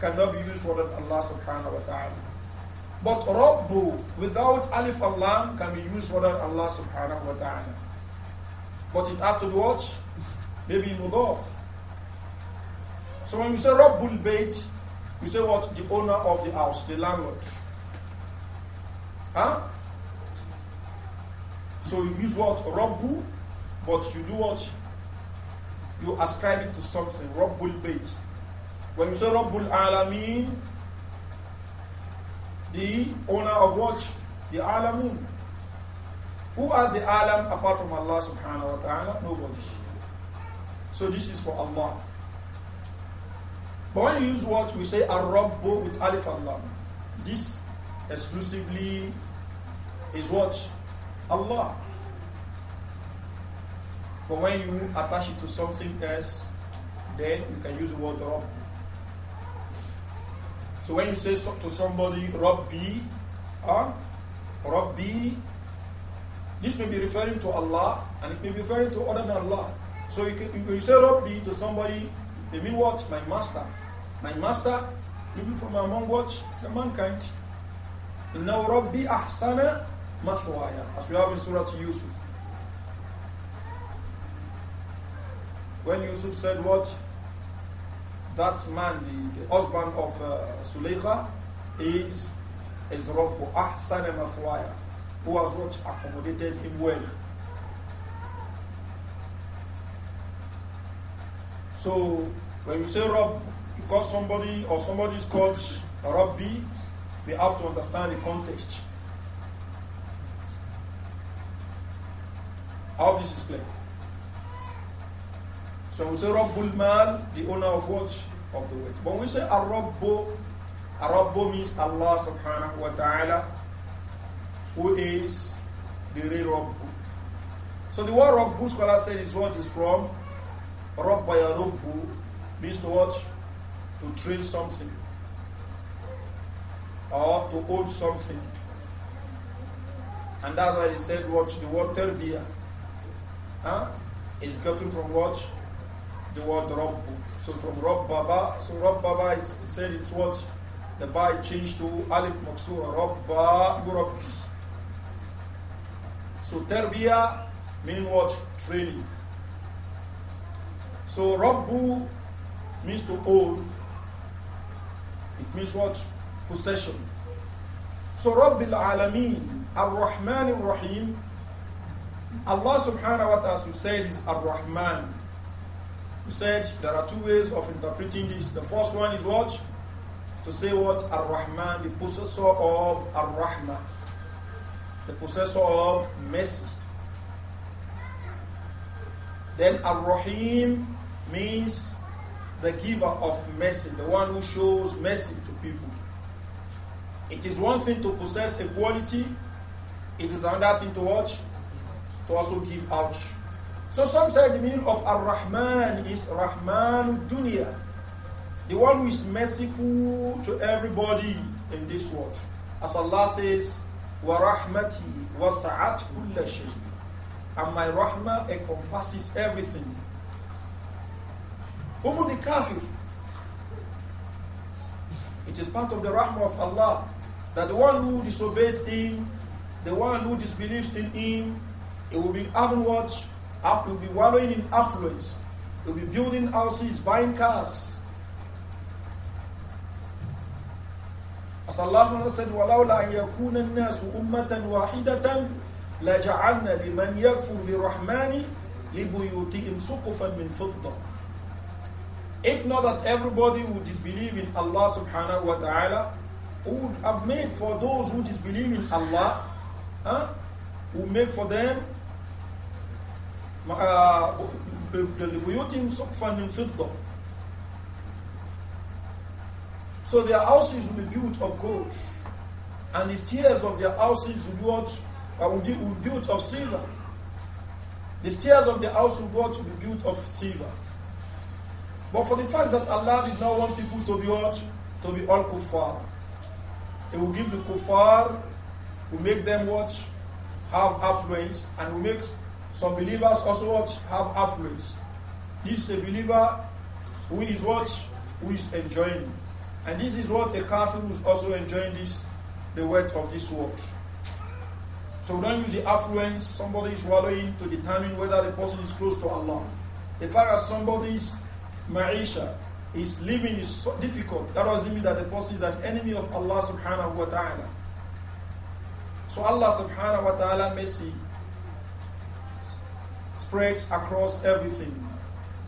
cannot be used for that Allah subhanahu wa ta'ala. But Rabbu without Alif Allah can be used for that Allah subhanahu wa ta'ala. But it has to be what? Maybe Mudaf. So when you say Rabbul Bayt, you say what? The owner of the house, the landlord. Huh? So you use what? Rabbu, but you do what? You ascribe it to something. Rabbul Bayt. When we say Rabbul Alameen, the owner of what? The Alamun. Who has the Alam apart from Allah subhanahu wa ta'ala? Nobody. So this is for Allah. But when you use what we say Ar-Rabbu with Alif Allah, this exclusively is what? Allah. But when you attach it to something else, then you can use the word Rabb. So when you say to somebody, Rabbi, huh? Rabbi, this may be referring to Allah and it may be referring to other than Allah. So you can, when you say Rabbi to somebody, they mean what? My master. My master maybe from among what? The mankind. Now Rabbi Ahsana Mathwaya, as we have in Surah Yusuf. When Yusuf said what? that man, the, the husband of uh, Suleika, is is Rabbu Ahsan Mathwaya, who has what accommodated him well. So when we say Rob, because somebody or somebody is called Rabbi, we have to understand the context. I hope this is clear. So we say Rabbul Mal, the owner of what? Of the wealth. But we say Arabbo, Arabbo means Allah subhanahu wa ta'ala, who is the real Rabbu. So the word Rabbu scholar said is what is from Rabba ya Rabbu means to what? To train something or to own something. And that's why he said what the word terbiya huh? is gotten from what? the word So from Baba, so Baba is said it's what the Ba changed to Alif Maksura, Rabba Yurabbi. So Terbia meaning what? Training. So Rabbu means to own. It means what? Possession. So Rabbil Alameen, Ar-Rahman Ar-Rahim, Allah subhanahu wa ta'ala said is Ar-Rahman said there are two ways of interpreting this. The first one is what? To say what? Ar-Rahman, the possessor of Ar-Rahman, the possessor of mercy. Then Ar-Rahim means the giver of mercy, the one who shows mercy to people. It is one thing to possess equality. it is another thing to watch, to also give out. So some say the meaning of Ar-Rahman is Rahmanu Dunya, the one who is merciful to everybody in this world. As Allah says, wa rahmati كُلَّ شَيْءٍ And my rahmah encompasses everything. Over the kafir. It is part of the rahmah of Allah that the one who disobeys Him, the one who disbelieves in Him, it will be having what? will be wallowing in affluence. will be building houses, buying cars. As Allah said, وَلَوْلَا أَن يَكُونَ النَّاسُ أُمَّةً وَاحِدَةً لَجَعَلْنَا لِمَنْ يَكْفُرْ بِرَحْمَنِ لِبُيُوتِهِمْ سُقُفًا مِنْ فِضَّةٍ If not that everybody who disbelieve in Allah subhanahu wa ta'ala would have made for those who disbelieve in Allah, huh, would make for them لبيوتهم سقفا من فضة So their houses will be built of gold, and the stairs of their houses will be, what, will be, will be built of silver. The stairs of the house will go to be built of silver. But for the fact that Allah did not want people to be what, to be all kuffar, He will give the kuffar, will make them what, have affluence, and will make some believers also what? Have affluence. This is a believer who is what? Who is enjoying. And this is what a kafir who is also enjoying this, the wealth of this world. So don't use the affluence somebody is wallowing to determine whether the person is close to Allah. The fact that somebody's ma'isha, his living is so difficult, that doesn't mean that the person is an enemy of Allah subhanahu wa ta'ala. So Allah subhanahu wa ta'ala mercy spreads across everything.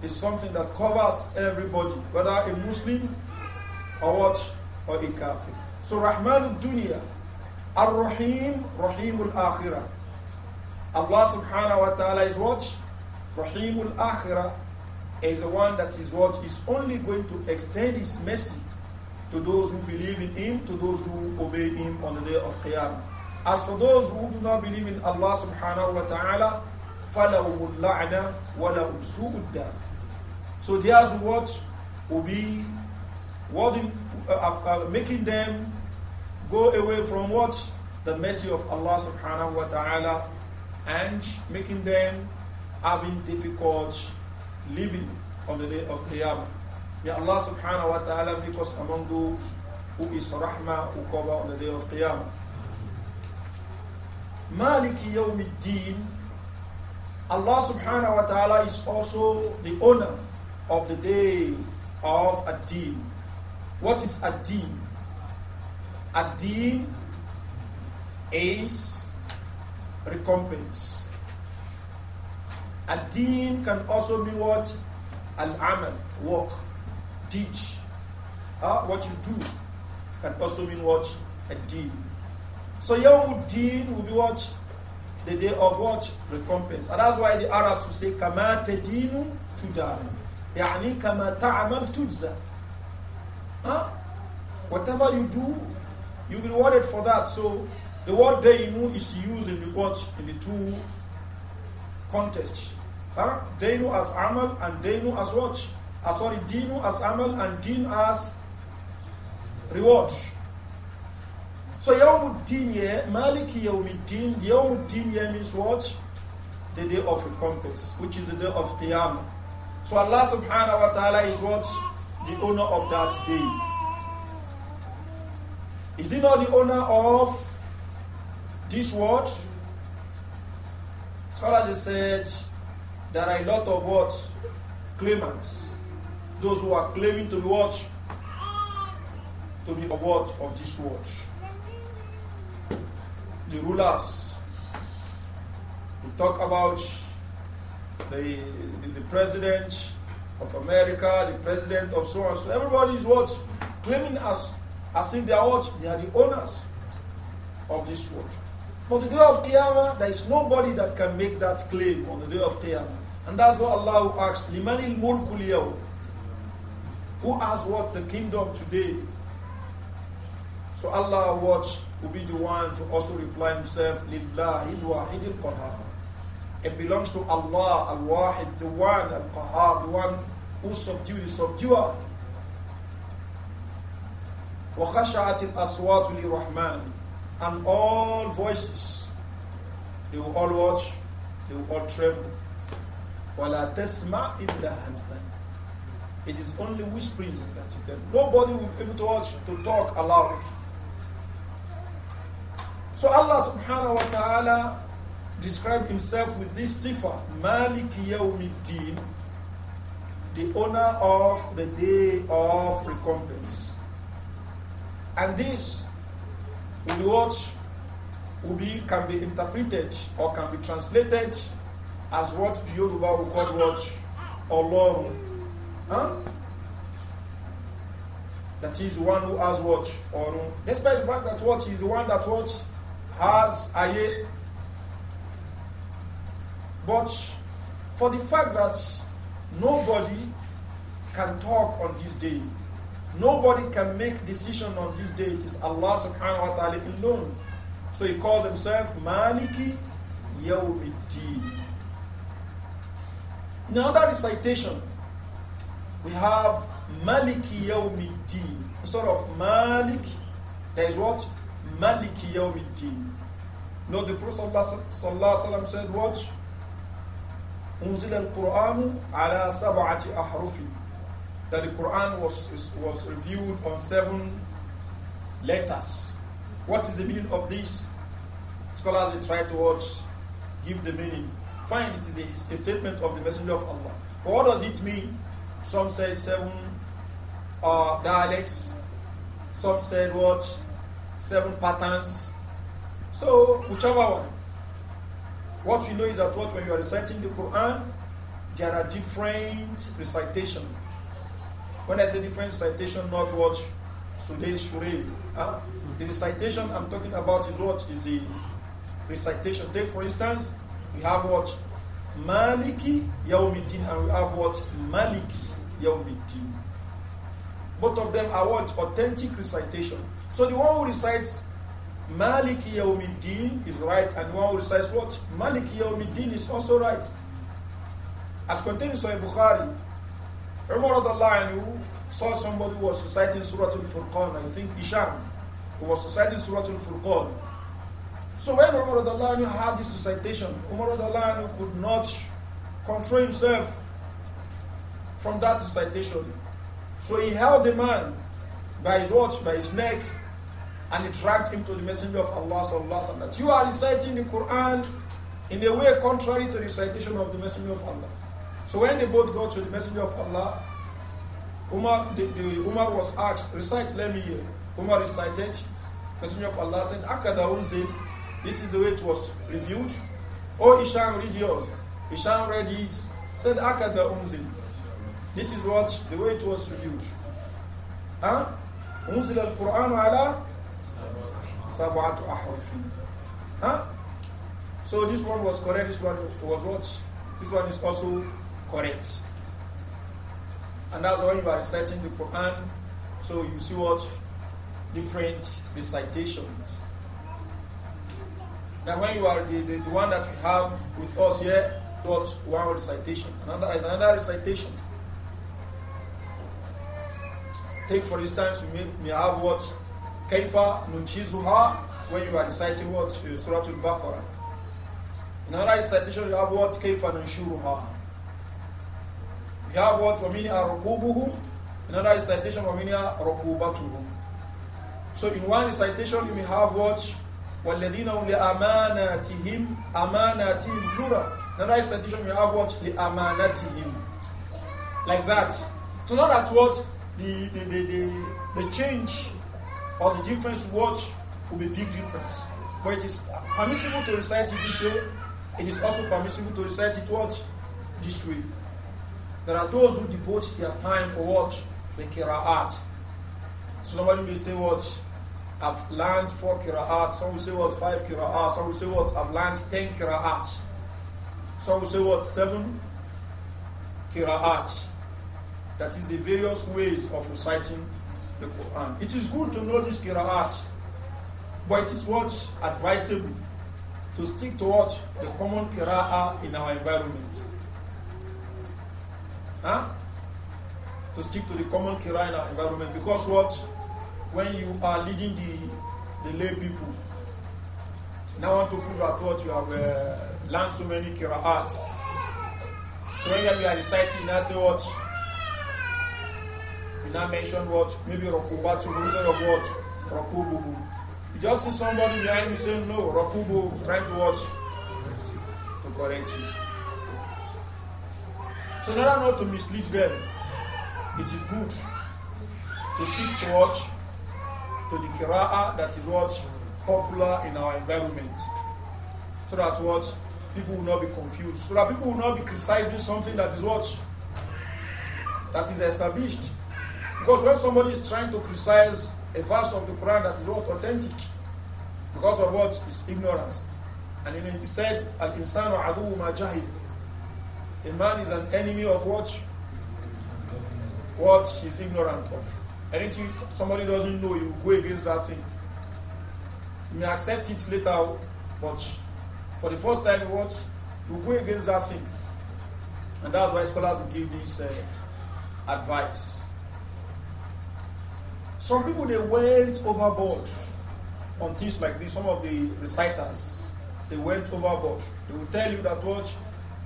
It's something that covers everybody, whether a Muslim or what, or a kafir. So Rahman dunya, Ar-Rahim, Rahimul Akhirah. Allah subhanahu wa ta'ala is what? Rahimul Akhirah is the one that is what is only going to extend his mercy to those who believe in him, to those who obey him on the day of Qiyamah. As for those who do not believe in Allah subhanahu wa ta'ala, فَلَهُمُ اللَّعْنَ وَلَهُمْ سُودَّ So there's what will be what uh, uh, uh, making them go away from what? The mercy of Allah subhanahu wa ta'ala and making them having difficult living on the day of Qiyamah. May Allah subhanahu wa ta'ala make us among those who is rahmah who cover on the day of Qiyamah. يوم الدين Allah subhanahu wa ta'ala is also the owner of the day of Ad-Din. What is Ad-Din? Ad-Din is recompense. Ad-Din can also be what? Al-Amal, work, teach. Uh, what you do can also mean what? Ad-Din. So Yawmuddin will be what? the day of what? Recompense. And that's why the Arabs will say, Kama tedinu tudar. Yani kama ta'amal tujza. Huh? Whatever you do, you'll be rewarded for that. So the word dainu is used in the what? In the two contests. Huh? Dainu as amal and dainu as what? Uh, sorry, dinu as amal and din as reward. So Yawmuddin here, Maliki Yawmuddin, Yawmuddin here means what? The day of recompense, which is the day of Qiyamah. So Allah subhanahu wa ta'ala is what? The owner of that day. Is he not the owner of this watch? Scholar they said there are a lot of what? Claimants. Those who are claiming to be what? To be a what of this watch the rulers. We talk about the, the, the president of America, the president of so and so. Everybody is what? Claiming us as, as if they are what? They are the owners of this world. But the day of Qiyamah, there is nobody that can make that claim on the day of Qiyamah. And that's what Allah asks, Limanil Mulkuliyah. Who has what the kingdom today? So Allah watch, will be the one to also reply himself, Lillahi al-Wahid al-Qahar. It belongs to Allah al-Wahid, the one al-Qahar, the one who subdued the subduer. وَخَشَعَتِ الْأَصْوَاتُ لِرَحْمَنِ And all voices, they will all watch, they will all tremble. وَلَا تَسْمَعْ إِلَّا هَمْسًا It is only whispering that you can. Nobody will be able to watch, to talk aloud. So Allah subhanahu wa ta'ala described himself with this sifa, Malik Yawmiddin, the owner of the day of recompense. And this will be what will be, can be interpreted or can be translated as what the Yoruba will call what Allah. Huh? That he is one who has what? Orun. Despite the fact that what he is the one that what has Aye. But for the fact that nobody can talk on this day, nobody can make decision on this day, it is Allah subhanahu wa ta'ala alone. So he calls himself Maliki Yawmiddin. In another recitation, we have Maliki Yawmiddin. sort of Malik, there is what? Maliki Yawmiddin. No, the Prophet ﷺ said what? Unzil al-Qur'an ala sab'ati ahrufi. That the Qur'an was, was reviewed on seven letters. What is the meaning of this? Scholars they try to watch, give the meaning. Find it is a, a statement of the Messenger of Allah. But what does it mean? Some say seven uh, dialects. Some said what? seven patterns. So, whichever one. What we know is that what when you are reciting the Quran, there are different recitation. When I say different recitation, not what Sulay Shurayl. Uh, the recitation I'm talking about is what is the recitation. Take for instance, we have what Maliki Yawmiddin and we have what Maliki Yawmiddin. Both of them are what authentic recitation. So the one who recites Maliki Yawmiddin is right, and the one who recites what? Maliki Yawmiddin is also right. As contained in Sahih Bukhari, Umar anhu saw somebody who was reciting Surah Al-Furqan, I think Isham, who was reciting Surah Al-Furqan. So when Umar anhu had this recitation, Umar anhu could not control himself from that recitation. So he held the man by his watch, by his neck, and it dragged him to the Messenger of Allah sallallahu that you are reciting the Quran in a way contrary to the recitation of the Messenger of Allah. So when they both got to the Messenger of Allah, Umar, the, the Umar was asked, recite, let me hear. Umar recited, Messenger of Allah said, Akada unzil, this is the way it was reviewed. Oh Isham, read yours. Isham read his, said Akada unzil. This is what, the way it was reviewed. Huh? Unzil al-Quran ala ahrufin. Huh? So this one was correct, this one was what? This one is also correct. And that's why you are reciting the Quran, so you see what different recitations. Now when you are the, the, the one that we have with us here, what one recitation, another is another recitation. Take for instance, you may, may have what Kaifa Nuchizuha when you are reciting what? Uh, Surah Al-Baqarah. In another recitation, you have what? Kaifa Nushuruha. You have what? Wamini ركوبهم. In another recitation, Wamini Arakubatuhum. So in one recitation, you may have what? والذين هم لأماناتهم أماناتهم plural. In another recitation, you have what? لأماناتهم. Like that. So now that what? The, the, the, the, the change or the difference watch will be big difference. But it is permissible to recite it this way. It is also permissible to recite it what? This way. There are those who devote their time for what? The kiraat. somebody may say what? I've learned four kiraat. Some will say what? Five kiraat. Some will say what? I've learned ten kiraat. Some will say what? Seven kiraat. That is the various ways of reciting the um, Quran. It is good to know these qira'at, but it is what advisable to stick to what the common qira'ah in our environment. Huh? To stick to the common Kera in our environment because what when you are leading the the lay people, now want to prove that what you have uh, learned so many qira'at. So when you are reciting, I say what you not mention what? Maybe Rokubatu, instead of what? Rokubu. You just see somebody behind you saying, no, Rokubu, friend, to watch. To correct you. So, now not to mislead them, it is good to stick to watch to the Kiraa that is what? Popular in our environment. So that what? People will not be confused. So that people will not be criticizing something that is what? That is established. Because when somebody is trying to criticize a verse of the Quran that is not authentic, because of what is ignorance. And then he said, Al insanu adu majahid. A man is an enemy of what? What he's ignorant of. Anything somebody doesn't know, you go against that thing. You may accept it later, but for the first time, what? You go against that thing. And that's why scholars give this uh, advice. Some people, they went overboard on things like this. Some of the reciters, they went overboard. They will tell you that, watch,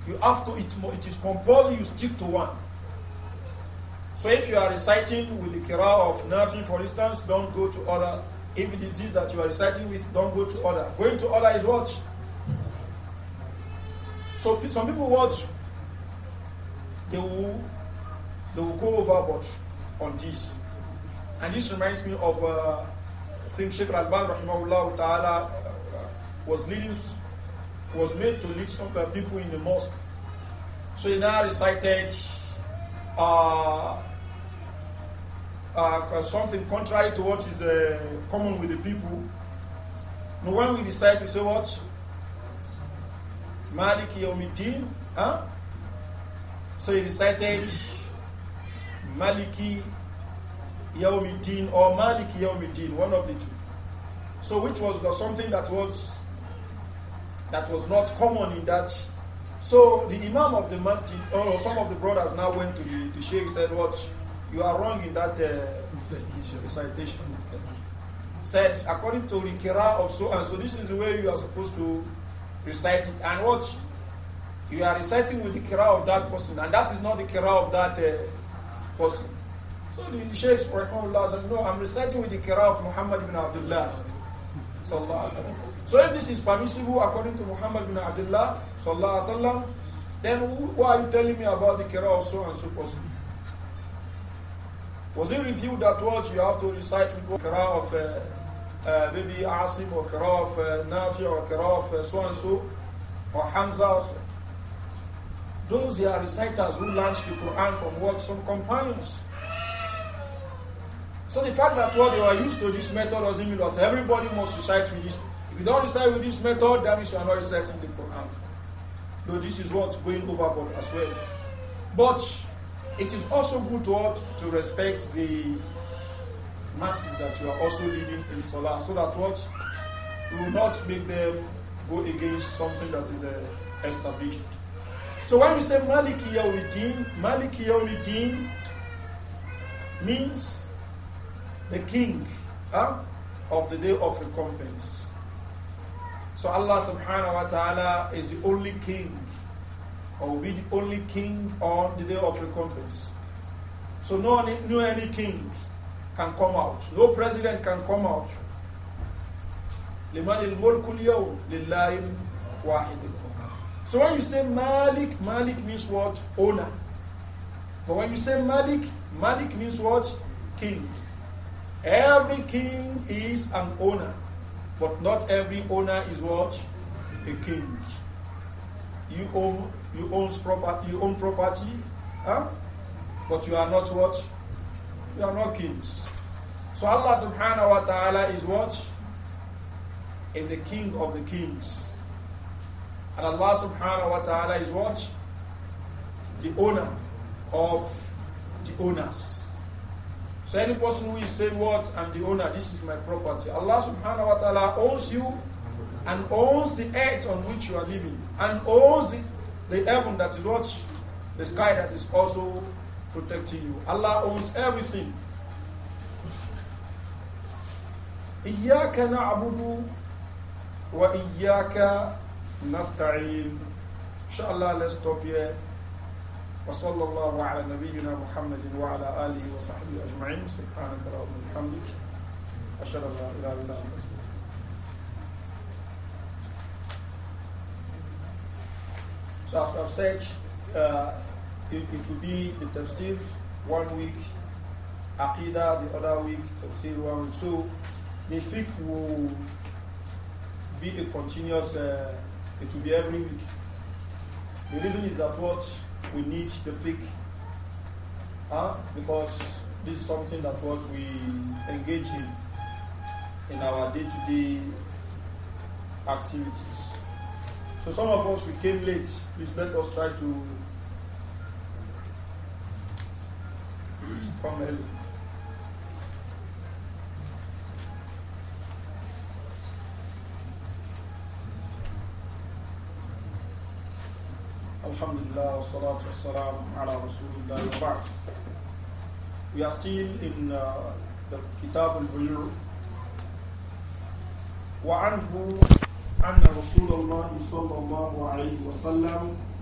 you have to, more. it is compulsory, you stick to one. So if you are reciting with the kira of Nafi, for instance, don't go to other. If it is this that you are reciting with, don't go to other. Going to other is what? So some people watch, they will, they will go overboard on this. And this reminds me of uh, thing Sheikh Al-Bani ta'ala uh, was leading, was made to lead some uh, people in the mosque. So he now recited uh, uh, something contrary to what is uh, common with the people. Now when we decide to say what? Maliki Yawmiddin, huh? So he recited Maliki Yawmiddin or Malik Yawmiddin, one of the two. So which was the, something that was that was not common in that. So the Imam of the masjid, or some of the brothers now went to the, the Sheikh said, "What? You are wrong in that uh, recitation." Said according to the Kira of so and so, this is the way you are supposed to recite it, and what you are reciting with the Kira of that person, and that is not the Kira of that uh, person. So the sheikhs, rahimahullah, said, no, I'm reciting with the qira of Muhammad ibn Abdullah. so if this is permissible according to Muhammad ibn Abdullah, sallallahu then why are you telling me about the qira of so and so person? Was it reviewed that words you have to recite with qira of uh, uh, maybe Asim or qira of uh, Nafi or qira of uh, so and so or Hamza or so? Those are reciters who launched the Quran from what some companions. So the fact that what you are used to this method doesn't mean that everybody must recite with this. If you don't recite with this method, that means you are not reciting the Quran. Though this is what going overboard as well. But it is also good to what, to respect the masses that you are also leading in Salah, so that what you will not make them go against something that is uh, established. So when we say Maliki Yawmiddin, Maliki Yawmiddin means the king huh, of the day of recompense. So Allah subhanahu wa ta'ala is the only king or will be the only king on the day of recompense. So no, no any king can come out. No president can come out. So when you say Malik, Malik means what? Owner. But when you say Malik, Malik means what? King. Every king is an owner, but not every owner is what? A king. You own you own property you own property, huh? But you are not what? You are not kings. So Allah subhanahu wa ta'ala is what? Is the king of the kings. And Allah subhanahu wa ta'ala is what? The owner of the owners. So any person who is saying what I'm the owner, this is my property. Allah subhanahu wa ta'ala owns you and owns the earth on which you are living and owns the, the heaven that is what the sky that is also protecting you. Allah owns everything. إياك نعبد وإياك نستعين. Inshallah, let's stop here. وصلى الله على نبينا محمد وعلى آله وصحبه أجمعين سبحانك اللهم وبحمدك أشهد أن لا إله إلا أنت So as I've said, uh, it, it will be the tafsir one week, Aqidah the other week, tafsir one week. So the fiqh will be a continuous, uh, it will be every week. The reason is that what we need the fake, huh? because this is something that what we engage in in our day-to-day -day activities. So some of us we came late. Please let us try to come early. الحمد لله والصلاة والسلام على رسول الله وبعد We are still in uh, the كتاب البيع وعنه أن رسول الله صلى الله عليه وسلم